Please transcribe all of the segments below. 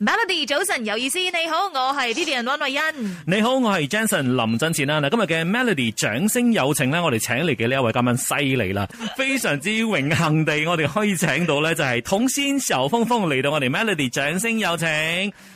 Melody，早晨有意思，你好，我係呢邊嘅溫慧欣。你好，我係 Jenson 林振前啦。嗱，今日嘅 Melody 掌聲有請咧，我哋請嚟嘅呢一位嘉賓犀利啦，非常之榮幸地，我哋可以請到咧就係、是、統先潮峰峰嚟到我哋 Melody 掌聲有請。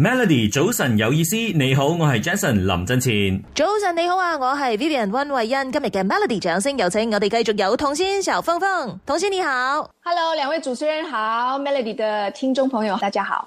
Melody 早晨有意思，你好，我係 Jason 林振前。早晨你好啊，我係 Vivian 溫慧欣。今日嘅 Melody 掌聲有請，我哋繼續有童星小鳳鳳。童星你好，Hello，兩位主持人好，Melody 的聽眾朋友大家好。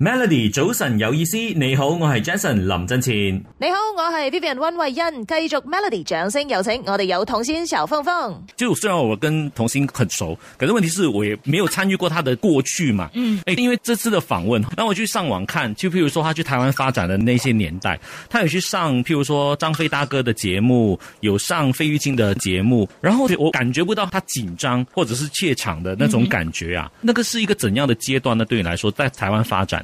Melody 早晨有意思，你好，我係 Jason 林振前。你好，我係 Vivian 溫慧欣。繼續 Melody 掌聲有請，我哋有童星小鳳鳳。就雖然我跟童星很熟，可是問題是我也沒有參與過他的過去嘛。嗯，哎、因為這次的訪問，那我去上網看，就譬如說，他去台灣發展的那些年代，他有去上譬如說張飛大哥的節目，有上費玉清的節目，然後我感覺不到他緊張或者是怯場的那種感覺啊。嗯、那個是一個怎樣的階段呢？對你來說，在台灣發展？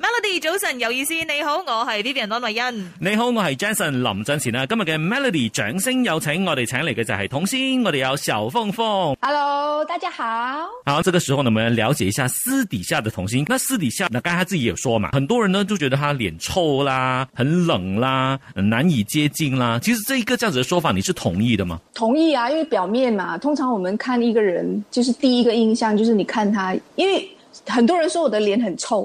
Melody，早晨有意思，你好，我係 Vivian 安慧欣。你好，我係 Jason 林振前啦。今日嘅 Melody 掌聲有請，我們請的心，我哋請嚟嘅就係童星，我哋有小鳳鳳。Hello，大家好。好，這個時候，呢，我們了解一下私底下的童星。那私底下，那剛才他自己有說嘛，很多人呢就覺得他臉臭啦，很冷啦，難以接近啦。其實這一個這樣子的說法，你是同意的嗎？同意啊，因為表面嘛，通常我們看一個人，就是第一個印象，就是你看他，因為很多人說我的臉很臭。